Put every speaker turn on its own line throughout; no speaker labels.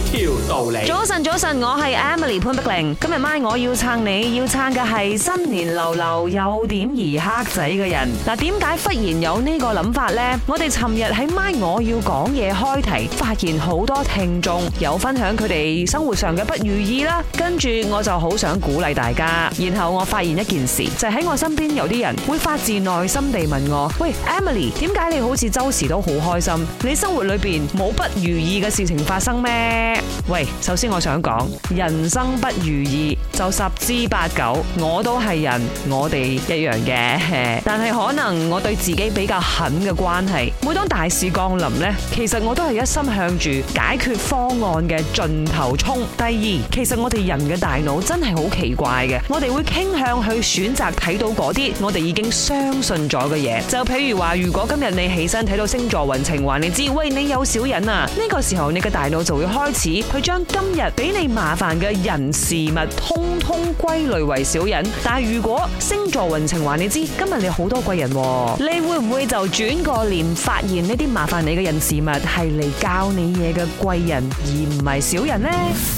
條道理，早晨早
晨，我係 Emily 潘碧玲。今日咪我要撐你，要撐嘅係新年流流又點而黑仔嘅人。嗱，點解忽然有呢個諗法呢？我哋尋日喺咪我要講嘢開題，發現好多聽眾有分享佢哋生活上嘅不如意啦。跟住我就好想鼓勵大家。然後我發現一件事，就喺我身邊有啲人會發自內心地問我：喂，Emily，點解你好似周時都好開心？你生活裏邊冇不如意嘅事情發生咩？喂，首先我想講，人生不如意就十之八九，我都係人，我哋一樣嘅。但係可能我對自己比較狠嘅關係，每當大事降臨呢，其實我都係一心向住解決方案嘅盡頭衝。第二，其實我哋人嘅大腦真係好奇怪嘅，我哋會傾向去選擇睇到嗰啲我哋已經相信咗嘅嘢。就譬如話，如果今日你起身睇到星座運程話，你知喂，你有小人啊，呢個時候你嘅大腦就會開。佢將今日俾你麻煩嘅人事物，通通歸類為小人。但係如果星座運程話，你知今日你好多貴人，你會唔會就轉個念，發現呢啲麻煩你嘅人事物係嚟教你嘢嘅貴人，而唔係小人呢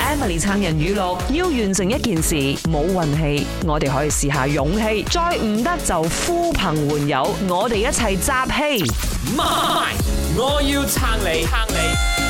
？Emily 撐人語錄：要完成一件事，冇運氣，我哋可以試下勇氣；再唔得就呼朋喚友，我哋一齊集氣。
我要撐你，撐你。